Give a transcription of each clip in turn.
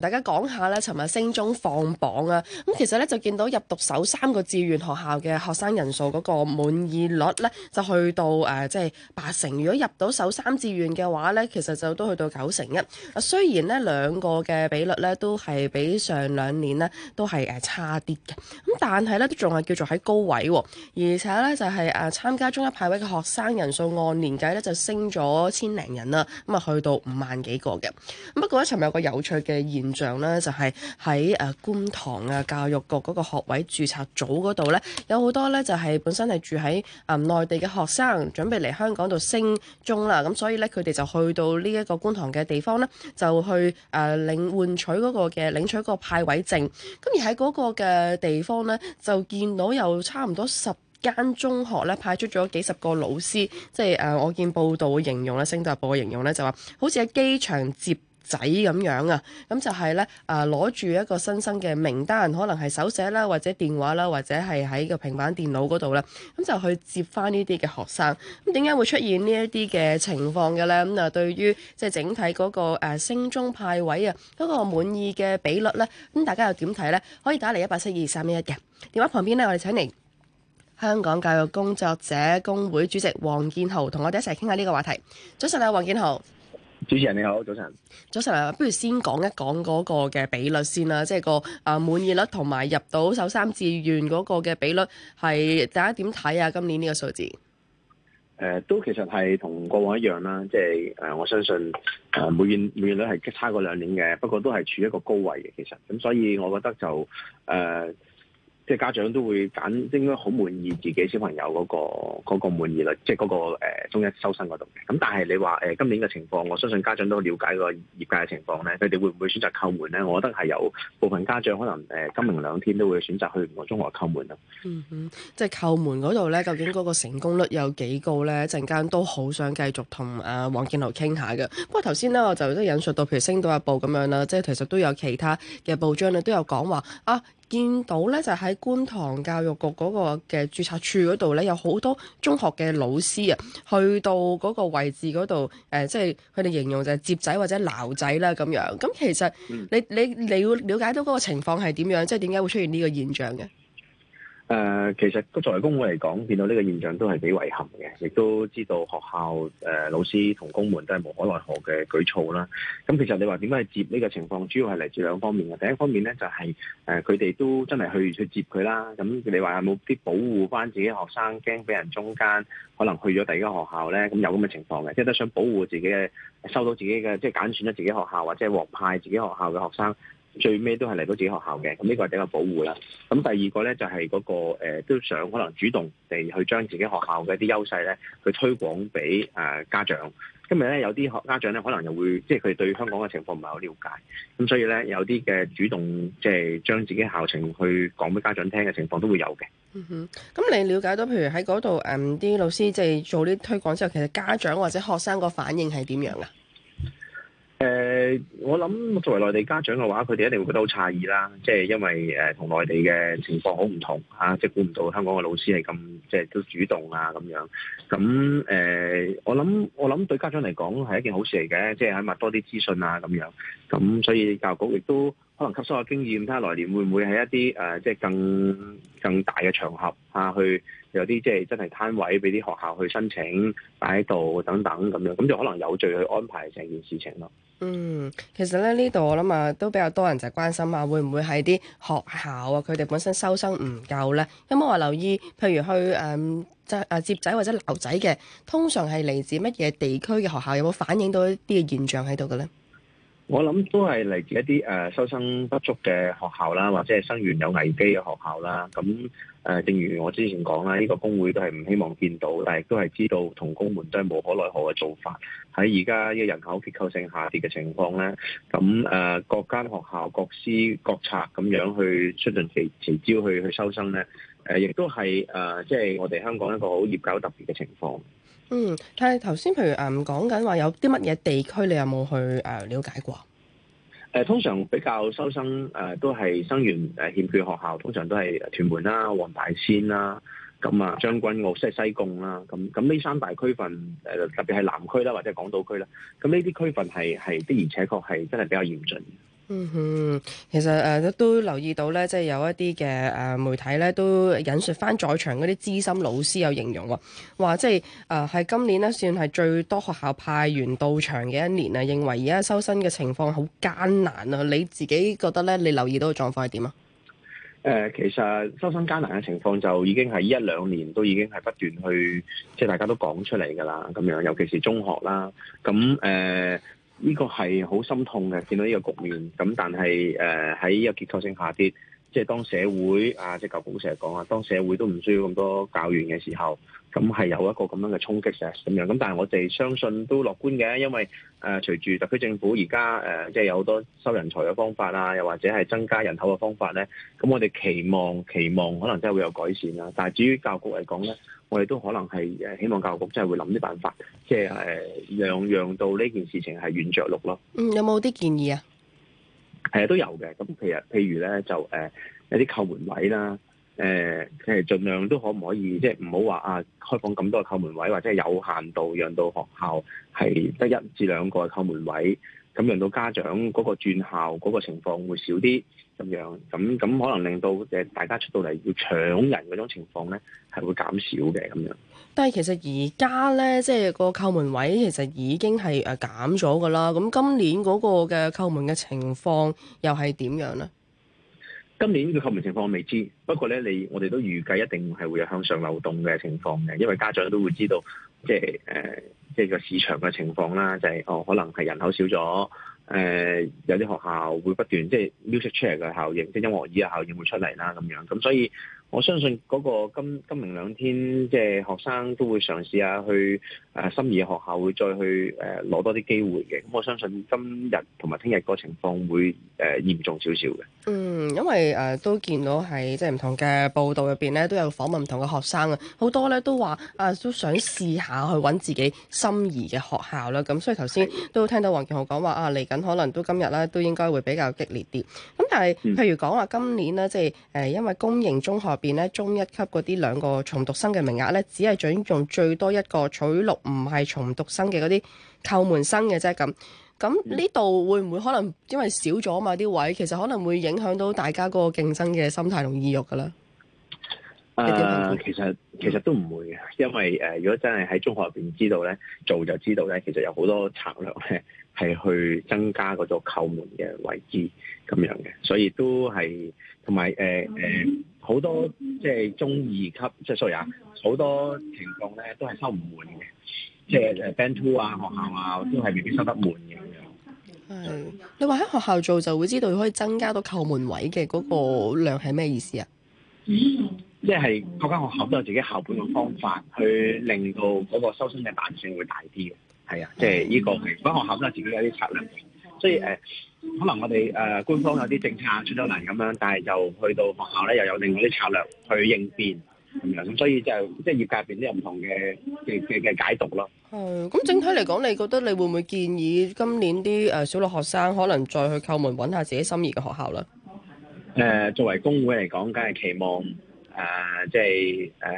大家講下咧，尋日升中放榜啊，咁其實咧就見到入讀首三個志願學校嘅學生人數嗰個滿意率咧，就去到誒即係八成。如果入到首三志願嘅話咧，其實就都去到九成一。啊，雖然呢兩個嘅比率咧都係比上兩年咧都係誒差啲嘅，咁但係咧都仲係叫做喺高位，而且咧就係誒參加中一派位嘅學生人數按年計咧就升咗千零人啦，咁啊去到五萬幾個嘅。咁不過咧尋日有個有趣嘅現像咧就係喺誒觀塘啊教育局嗰個學位註冊組嗰度咧，有好多咧就係本身係住喺誒內地嘅學生，準備嚟香港度升中啦，咁所以咧佢哋就去到呢一個觀塘嘅地方咧，就去誒領換取嗰個嘅領取個派位證。咁而喺嗰個嘅地方咧，就見到有差唔多十間中學咧派出咗幾十個老師，即係誒我見報道嘅形容咧，《星島日報》嘅形容咧就話，好似喺機場接仔咁樣啊，咁就係咧，誒攞住一個新生嘅名單，可能係手寫啦，或者電話啦，或者係喺個平板電腦嗰度啦，咁就去接翻呢啲嘅學生。咁點解會出現呢一啲嘅情況嘅咧？咁啊，對於即係整體嗰個誒升中派位啊，嗰個滿意嘅比率咧，咁大家又點睇咧？可以打嚟一八七二三一一嘅電話旁邊咧，我哋請嚟香港教育工作者工會主席黃建豪同我哋一齊傾下呢個話題。早晨啊，黃建豪。主持人你好，早晨。早晨啊，不如先講一講嗰個嘅比率先啦，即係個啊滿意率同埋入到首三志願嗰個嘅比率係大家點睇啊？今年呢個數字？誒、呃，都其實係同過往一樣啦，即係誒，我相信誒，滿意滿意率係差過兩年嘅，不過都係處於一個高位嘅，其實咁，所以我覺得就誒。呃即係家長都會揀，應該好滿意自己小朋友嗰、那個嗰、那個、滿意率，即係、那、嗰個、呃、中一收生嗰度嘅。咁但係你話誒、呃、今年嘅情況，我相信家長都了解個業界嘅情況咧，佢哋會唔會選擇叩門咧？我覺得係有部分家長可能誒今、呃、明兩天都會選擇去唔同中學叩門啦。嗯哼，即係叩門嗰度咧，究竟嗰個成功率有幾高咧？一陣間都好想繼續同阿黃建豪傾下嘅。不過頭先咧，我就都引述到譬如《星島日報》咁樣啦，即係其實都有其他嘅報章咧都有講話啊。見到咧就喺、是、觀塘教育局嗰個嘅註冊處嗰度咧，有好多中學嘅老師啊，去到嗰個位置嗰度，誒，即係佢哋形容就係、是、接仔或者撈仔啦咁樣。咁其實你你你會了解到嗰個情況係點樣，即係點解會出現呢個現象嘅？誒、呃，其實個作為工會嚟講，見到呢個現象都係幾遺憾嘅，亦都知道學校誒、呃、老師同工們都係無可奈何嘅舉措啦。咁、嗯、其實你話點解去接呢個情況，主要係嚟自兩方面嘅。第一方面咧就係、是、誒，佢、呃、哋都真係去去接佢啦。咁、嗯、你話有冇啲保護翻自己學生，驚俾人中間可能去咗第二間學校咧？咁、嗯、有咁嘅情況嘅，即係都想保護自己，嘅，收到自己嘅即係揀選咗自己學校或者獲派自己學校嘅學生。最尾都係嚟到自己學校嘅，咁呢個係比較保護啦。咁第二個呢，就係嗰個，呃，都想可能主動地去將自己學校嘅一啲優勢呢去推廣俾家長。今日呢，有啲學家長呢，可能又會即係佢對香港嘅情況唔係好了解，咁所以呢，有啲嘅主動即係將自己校情去講俾家長聽嘅情況都會有嘅。嗯哼，咁你了解到譬如喺嗰度啲老師即係做啲推廣之後，其實家長或者學生個反應係點樣啊？我諗作為內地家長嘅話，佢哋一定會覺得好詫異啦，即係因為誒同內地嘅情況好唔同啊，即係估唔到香港嘅老師係咁即係都主動啊咁樣。咁誒，我諗我諗對家長嚟講係一件好事嚟嘅，即係起碼多啲資訊啊咁樣。咁所以教育局亦都可能吸收下經驗，睇下來年會唔會喺一啲誒即係更更大嘅場合啊去。有啲即係真係攤位，俾啲學校去申請擺喺度等等咁樣，咁就可能有序去安排成件事情咯。嗯，其實咧呢度我諗啊，都比較多人就係關心啊，會唔會係啲學校啊佢哋本身收生唔夠咧？有冇話留意？譬如去誒、嗯、接仔或者留仔嘅，通常係嚟自乜嘢地區嘅學校，有冇反映到一啲嘅現象喺度嘅咧？我諗都係嚟自一啲誒、收生不足嘅學校啦，或者係生源有危機嘅學校啦。咁誒、呃，正如我之前講啦，呢、這個工會都係唔希望見到，但係都係知道同工們都係無可奈何嘅做法。喺而家呢個人口結構性下跌嘅情況咧，咁誒、呃、各間學校、各施各策咁樣去出盡其其招去去收生咧。誒，亦都係誒，即、呃、係、就是、我哋香港一個好嚴搞特別嘅情況。嗯，但係頭先譬如誒講緊話，有啲乜嘢地區你有冇去誒瞭解過？誒、呃，通常比較收生誒、呃，都係生源誒、呃、欠缺學校，通常都係屯門啦、黃大仙啦、咁啊將軍澳，即西貢啦。咁咁呢三大區份誒、呃，特別係南區啦，或者港島區啦。咁呢啲區份係係的而且確係真係比較嚴峻。嗯哼，其實誒、呃、都留意到咧，即係有一啲嘅誒媒體咧都引述翻在場嗰啲資深老師有形容喎，話即係誒喺今年咧算係最多學校派員到場嘅一年啊，認為而家收生嘅情況好艱難啊！你自己覺得咧，你留意到嘅狀況係點啊？誒、呃，其實收生艱難嘅情況就已經係一兩年都已經係不斷去，即係大家都講出嚟噶啦，咁樣，尤其是中學啦，咁誒。呃呢個係好心痛嘅，見到呢個局面，咁但係，誒喺呢個結構性下跌。即係當社會啊，即係教育局成日講啊，當社會都唔需要咁多教員嘅時候，咁係有一個咁樣嘅衝擊性咁樣。咁但係我哋相信都樂觀嘅，因為誒、呃、隨住特區政府而家誒即係有好多收人才嘅方法啊，又或者係增加人口嘅方法咧，咁我哋期望期望可能真係會有改善啦。但係至於教育局嚟講咧，我哋都可能係希望教育局真係會諗啲辦法，即係誒、呃、讓讓到呢件事情係軟着陸咯。嗯，有冇啲建議啊？係啊，都有嘅。咁其實，譬如咧，就誒一啲扣門位啦，誒、呃、係盡量都可唔可以，即係唔好話啊開放咁多嘅扣門位，或者係有限度讓到學校係得一至兩個嘅扣門位，咁讓到家長嗰個轉校嗰個情況會少啲。咁咁咁可能令到大家出到嚟要搶人嗰種情況咧，係會減少嘅咁樣。但係其實而家咧，即係個叩門位其實已經係減咗㗎喇。咁今年嗰個嘅叩門嘅情況又係點樣咧？今年嘅叩門情況我未知，不過咧，你我哋都預計一定係會有向上流動嘅情況嘅，因為家長都會知道，即係即係個市場嘅情況啦，就係哦，可能係人口少咗。誒、呃，有啲學校會不斷即係 music check 嘅效應，即係音樂耳嘅效應會出嚟啦，咁樣咁所以。我相信嗰個今今明兩天，即係學生都會嘗試下去誒，心儀嘅學校會再去誒攞多啲機會嘅。我相信今日同埋聽日個情況會誒嚴重少少嘅。嗯，因為誒、呃、都見到係即係唔同嘅報道入邊咧，都有訪問唔同嘅學生很啊，好多咧都話啊都想試下去揾自己心儀嘅學校啦。咁所以頭先都聽到黃建豪講話啊，嚟緊可能都今日啦，都應該會比較激烈啲。咁但係譬如講話、嗯、今年咧，即係誒因為公營中學。邊咧中一級嗰啲兩個重讀生嘅名額咧，只係准用最多一個取錄唔係重讀生嘅嗰啲扣門生嘅啫。咁咁呢度會唔會可能因為少咗嘛啲位，其實可能會影響到大家嗰個競爭嘅心態同意欲噶啦。誒、呃，其實其實都唔會嘅，因為誒、呃、如果真係喺中學入邊知道咧，做就知道咧，其實有好多策略咧係去增加嗰個扣門嘅位置咁樣嘅，所以都係。同埋誒誒好多即係中二級即係所以啊，好、就是、多情況咧都係收唔滿嘅，即係誒 Band Two 啊學校啊，都係未必收得滿嘅咁樣。係你話喺學校做就會知道可以增加到扣門位嘅嗰個量係咩意思啊？即係、嗯就是、各間學校都有自己校本嘅方法去令到嗰個收生嘅彈性會大啲嘅。係啊，即係呢個係各學校都有自己一啲策略。所以誒、呃，可能我哋誒、呃、官方有啲政策出咗嚟咁樣，但係就去到學校咧又有另外啲策略去應變咁樣，咁所以就即係、就是、業界邊都有唔同嘅嘅嘅嘅解讀咯。係、嗯，咁、嗯、整體嚟講，你覺得你會唔會建議今年啲誒、呃、小六學生可能再去叩門揾下自己心儀嘅學校啦？誒、呃，作為工會嚟講，梗係期望誒、呃，即係誒誒。呃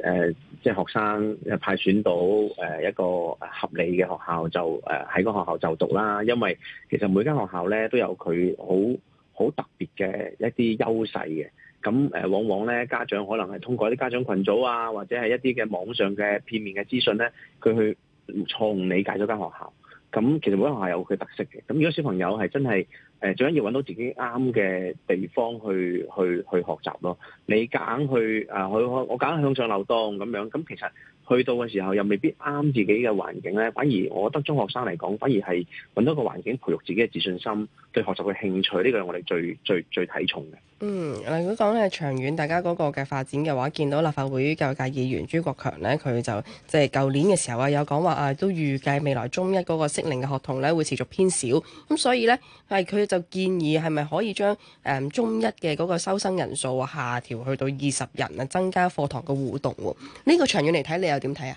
呃即係學生派選到誒一個合理嘅學校就誒喺個學校就讀啦，因為其實每間學校咧都有佢好好特別嘅一啲優勢嘅，咁誒往往咧家長可能係通過啲家長群組啊，或者係一啲嘅網上嘅片面嘅資訊咧，佢去錯誤理解咗間學校。咁其實每間學校有佢特色嘅，咁如果小朋友係真係誒，最緊要搵到自己啱嘅地方去去去學習咯。你揀去誒，我我我揀向上流動咁樣，咁其實～去到嘅時候又未必啱自己嘅環境咧，反而我覺得中學生嚟講，反而係揾到個環境培育自己嘅自信心、對學習嘅興趣呢兩、這個係我哋最最最睇重嘅。嗯，例如講咧長遠大家嗰個嘅發展嘅話，見到立法會教育界議員朱國強咧，佢就即係舊年嘅時候啊，有講話啊，都預計未來中一嗰個適齡嘅學童咧會持續偏少，咁所以咧係佢就建議係咪可以將誒、嗯、中一嘅嗰個收生人數下調去到二十人啊，增加課堂嘅互動喎？呢、這個長遠嚟睇你點睇啊？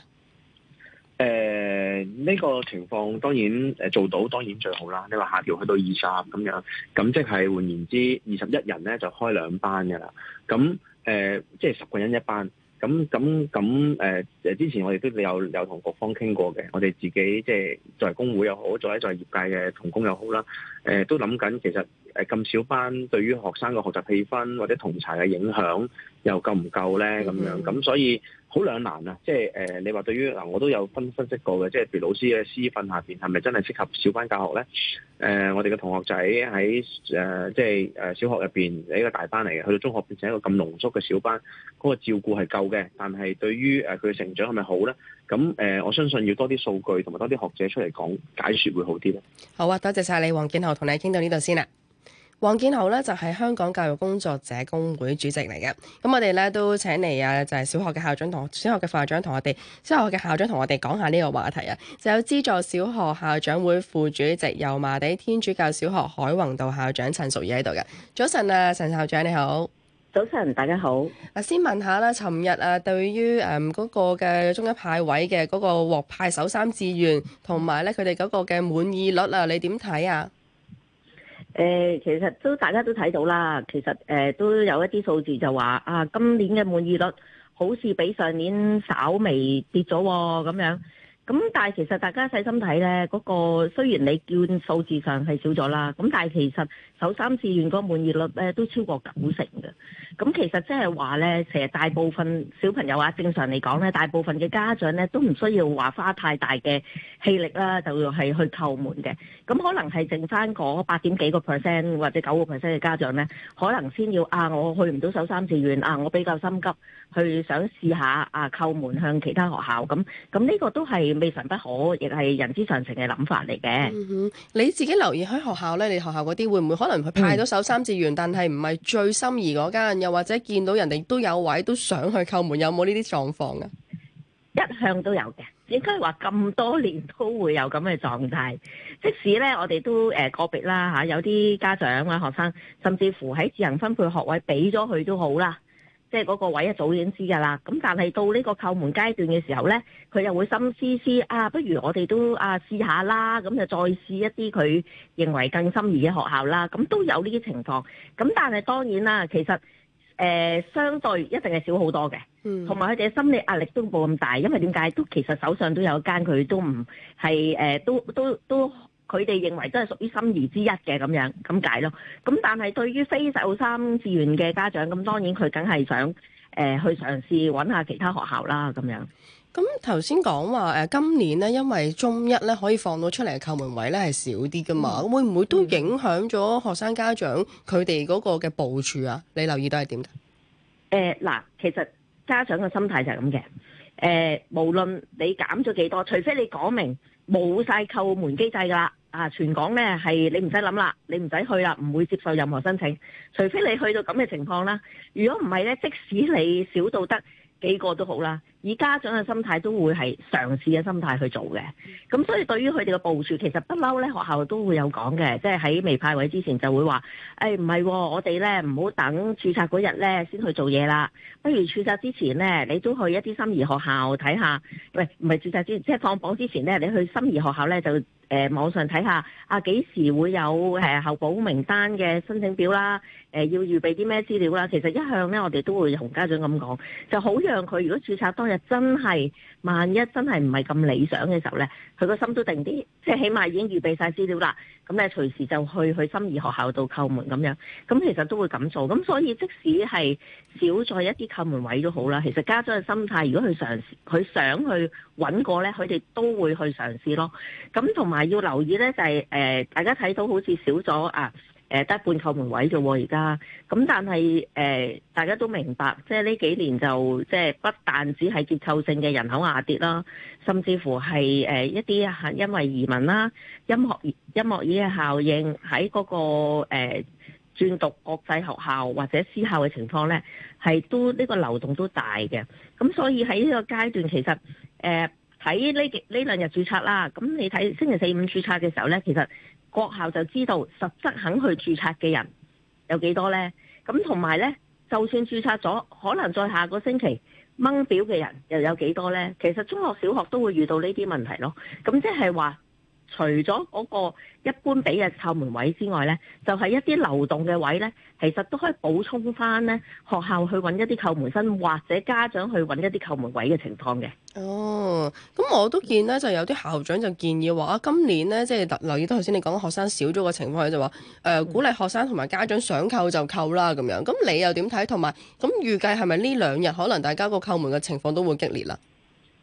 誒、呢、呃這個情況當然誒做到，當然最好啦。你話下調去到二十咁樣，咁即係換言之，二十一人咧就開兩班噶啦。咁誒、呃，即係十個人一班。咁咁咁誒，之前我哋都有有同局方傾過嘅。我哋自己即係作為工會又好，作為作為業界嘅同工又好啦。誒、呃，都諗緊，其實誒咁少班，對於學生嘅學習氣氛或者同儕嘅影響又夠唔夠咧？咁樣咁、嗯、所以。好兩難啊，即係誒，你話對於嗱，我都有分分析過嘅，即係譬如老師嘅私訓下邊，係咪真係適合小班教學咧？誒、呃，我哋嘅同學仔喺誒，即係誒，就是、小學入邊係一個大班嚟嘅，去到中學變成一個咁濃縮嘅小班，嗰、那個照顧係夠嘅，但係對於誒佢嘅成長係咪好咧？咁誒、呃，我相信要多啲數據同埋多啲學者出嚟講解說會好啲咧。好啊，多謝晒你，黃建豪，同你傾到呢度先啦。黃建豪咧就係、是、香港教育工作者工會主席嚟嘅，咁我哋咧都請嚟啊，就係、是、小學嘅校長同小學嘅副校長同我哋，小學嘅校長同我哋講下呢個話題啊。就有資助小學校長會副主席油麻地天主教小學海泓道校長陳淑儀喺度嘅。早晨啊，陳校長你好。早晨，大家好。嗱，先問下啦、啊，尋日啊，對於誒嗰、嗯，那個嘅中一派位嘅嗰個獲派首三志願，同埋咧佢哋嗰個嘅滿意率啊，你點睇啊？誒，其實都大家都睇到啦，其實誒都有一啲數字就話啊，今年嘅滿意率好似比上年稍微跌咗咁樣。咁但係其實大家細心睇咧，嗰個雖然你叫數字上係少咗啦，咁但係其實首三志願嗰滿意率咧都超過九成嘅。咁其實即係話咧，其實大部分小朋友啊，正常嚟講咧，大部分嘅家長咧都唔需要話花太大嘅氣力啦，就係去叩門嘅。咁可能係剩翻嗰八點幾個 percent 或者九個 percent 嘅家長咧，可能先要啊，我去唔到首三志願啊，我比較心急，去想試下啊叩門向其他學校咁。咁呢個都係。未嘗不可，亦係人之常情嘅諗法嚟嘅。你自己留意喺學校咧，你學校嗰啲會唔會可能佢派咗首三志願，但係唔係最心儀嗰間，又或者見到人哋都有位都想去叩門，有冇呢啲狀況啊？一向都有嘅，應該話咁多年都會有咁嘅狀態。即使咧，我哋都誒個別啦嚇，有啲家長或學生，甚至乎喺自行分配學位俾咗佢都好啦。即係嗰個位啊，早已經知㗎啦。咁但係到呢個扣門階段嘅時候呢，佢又會心思思啊，不如我哋都啊試下啦。咁就再試一啲佢認為更心儀嘅學校啦。咁都有呢啲情況。咁但係當然啦，其實誒、呃、相對一定係少好多嘅。同埋佢哋嘅心理壓力都冇咁大，因為點解？都其實手上都有間，佢都唔係誒，都都都。都佢哋認為都係屬於心儀之一嘅咁樣咁解咯。咁但係對於非首三志願嘅家長，咁當然佢梗係想誒去嘗試揾下其他學校啦。咁樣咁頭先講話誒，今年咧因為中一咧可以放到出嚟嘅扣門位咧係少啲噶嘛，會唔會都影響咗學生家長佢哋嗰個嘅部署啊？你留意到係點嘅？誒嗱，其實家長嘅心態就係咁嘅。誒，無論你減咗幾多，除非你講明冇曬扣門機制噶啦。啊！全港咧係你唔使諗啦，你唔使去啦，唔會接受任何申請，除非你去到咁嘅情況啦。如果唔係咧，即使你少到得幾個都好啦，以家長嘅心態都會係嘗試嘅心態去做嘅。咁所以對於佢哋嘅部署，其實不嬲咧，學校都會有講嘅，即係喺未派位之前就會話：誒、哎，唔係，哦，我哋咧唔好等註冊嗰日咧先去做嘢啦，不如註冊之前咧，你都去一啲心儀學校睇下。喂，唔係註冊之前，即係放榜之前咧，你去心儀學校咧就。誒網上睇下，啊幾時會有誒候補名單嘅申請表啦？誒要預備啲咩資料啦？其實一向咧，我哋都會同家長咁講，就好讓佢如果註冊當日真係，萬一真係唔係咁理想嘅時候咧，佢個心都定啲，即係起碼已經預備晒資料啦。咁咧隨時就去去心儀學校度叩門咁樣。咁其實都會咁做。咁所以即使係少咗一啲叩門位都好啦。其實家長嘅心態，如果佢嘗試，佢想去揾過咧，佢哋都會去嘗試咯。咁同埋。要留意咧，就係、是、誒、呃，大家睇到好似少咗啊，誒、呃，得半叩門位啫、啊，而家咁，但係誒、呃，大家都明白，即係呢幾年就即係、就是、不但只係結構性嘅人口下跌啦，甚至乎係誒、呃、一啲係因為移民啦，音樂音樂椅嘅效應喺嗰、那個誒轉、呃、讀國際學校或者私校嘅情況咧，係都呢、這個流動都大嘅，咁所以喺呢個階段，其實誒。呃睇呢幾呢兩日註冊啦，咁你睇星期四五註冊嘅時候呢，其實國校就知道實質肯去註冊嘅人有幾多呢？咁同埋呢，就算註冊咗，可能再下個星期掹表嘅人又有幾多呢？其實中學小學都會遇到呢啲問題咯，咁即係話。除咗嗰個一般俾嘅扣門位之外呢，就係、是、一啲流動嘅位呢其實都可以補充翻呢，學校去揾一啲扣門生，或者家長去揾一啲扣門位嘅情況嘅。哦，咁我都見呢就有啲校長就建議話啊，今年呢，即係特留意到頭先你講學生少咗個情況，就話誒、呃、鼓勵學生同埋家長想扣就扣啦咁樣。咁你又點睇？同埋咁預計係咪呢兩日可能大家個扣門嘅情況都會激烈啦？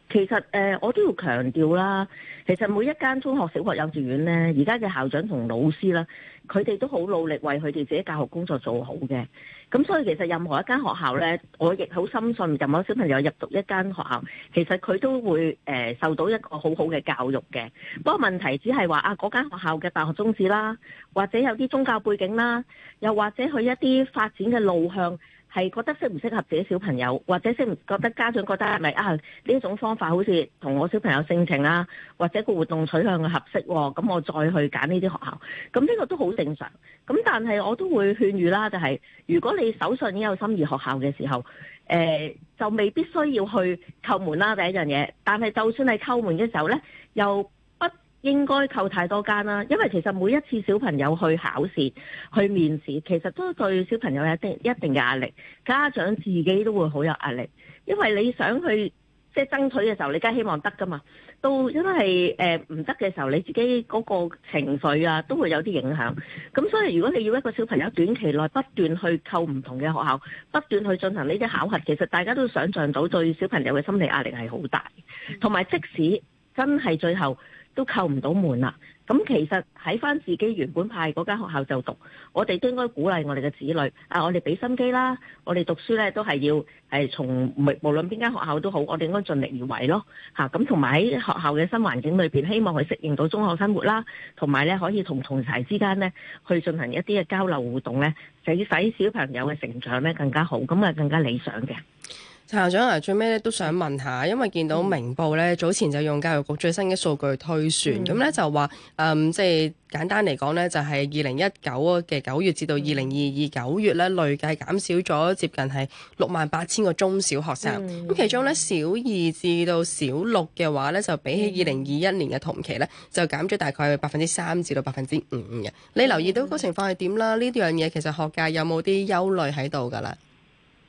其實誒、呃，我都要強調啦。其實每一間中學、小學、幼稚園呢，而家嘅校長同老師啦，佢哋都好努力為佢哋自己教學工作做好嘅。咁所以其實任何一間學校呢，我亦好深信任何小朋友入讀一間學校，其實佢都會、呃、受到一個好好嘅教育嘅。不過問題只係話啊，嗰間學校嘅辦學宗旨啦，或者有啲宗教背景啦，又或者佢一啲發展嘅路向。係覺得適唔適合自己小朋友，或者識覺得家長覺得係咪啊？呢種方法好似同我小朋友性情啦，或者個活動取向嘅合適，咁我再去揀呢啲學校，咁呢個都好正常。咁但係我都會勸喻啦、就係，就係如果你手上已經有心儀學校嘅時候、呃，就未必需要去叩門啦。第一樣嘢，但係就算係叩門嘅時候呢，又。應該扣太多間啦，因為其實每一次小朋友去考試、去面試，其實都對小朋友有一定一定嘅壓力，家長自己都會好有壓力。因為你想去即係爭取嘅時候，你梗係希望得㗎嘛。到因為誒唔得嘅時候，你自己嗰個情緒啊都會有啲影響。咁所以如果你要一個小朋友短期內不斷去扣唔同嘅學校，不斷去進行呢啲考核，其實大家都想像到對小朋友嘅心理壓力係好大，同埋即使真係最後，都扣唔到門啦！咁其實喺返自己原本派嗰間學校就讀，我哋都應該鼓勵我哋嘅子女啊！我哋俾心機啦，我哋讀書咧都係要誒從無論邊間學校都好，我哋應該盡力而為咯嚇。咁同埋喺學校嘅新環境裏邊，希望佢適應到中學生活啦，同埋咧可以同同儕之間咧去進行一啲嘅交流互動咧，就使小朋友嘅成長咧更加好，咁啊更加理想嘅。陳校長啊，最尾咧都想問下，因為見到明報咧、嗯、早前就用教育局最新嘅數據推算，咁咧、嗯、就話，嗯，即、就、係、係、簡單嚟講咧，就係二零一九嘅九月至到二零二二九月咧累計減少咗接近係六萬八千個中小學生，咁、嗯、其中咧小二至到小六嘅話咧，就比起二零二一年嘅同期咧，就減咗大概百分之三至到百分之五嘅。你留意到個情況係點啦？呢、嗯、樣嘢其實學界有冇啲憂慮喺度㗎啦？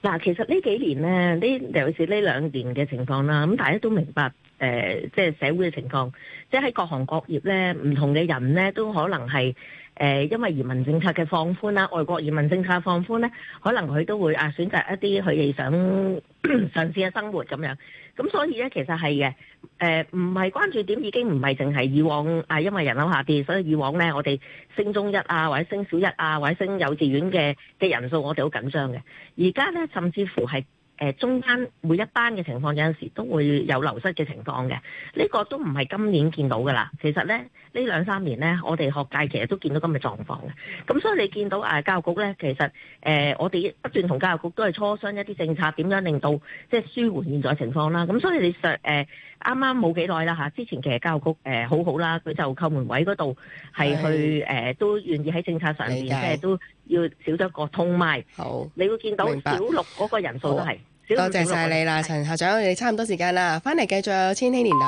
嗱，其實呢幾年咧，呢尤其是呢兩年嘅情況啦，咁大家都明白，誒、呃，即係社會嘅情況，即係喺各行各業咧，唔同嘅人咧，都可能係。誒、呃，因為移民政策嘅放寬啦，外國移民政策嘅放寬咧，可能佢都會啊選擇一啲佢哋想嘗試嘅生活咁樣。咁所以咧，其實係嘅。誒、呃，唔係關注點已經唔係淨係以往啊，因為人口下跌，所以以往咧我哋升中一啊，或者升小一啊，或者升幼稚園嘅嘅人數，我哋好緊張嘅。而家咧，甚至乎係。誒，中間每一班嘅情況有陣時都會有流失嘅情況嘅，呢、這個都唔係今年見到㗎啦。其實咧呢兩三年咧，我哋學界其實都見到咁嘅狀況嘅。咁所以你見到、啊、教育局咧，其實誒、呃、我哋不斷同教育局都係磋商一啲政策，點樣令到即係舒緩現在情況啦。咁所以你上，啱啱冇幾耐啦，吓，之前其實教育局誒、呃、好好啦，佢就叩門位嗰度係去誒、哎呃、都願意喺政策上面解即係都要少咗個個，同埋好，你會見到白小六嗰個人數都係。多謝晒你啦，陳校長，我哋差唔多時間啦，翻嚟繼續《千禧年代》。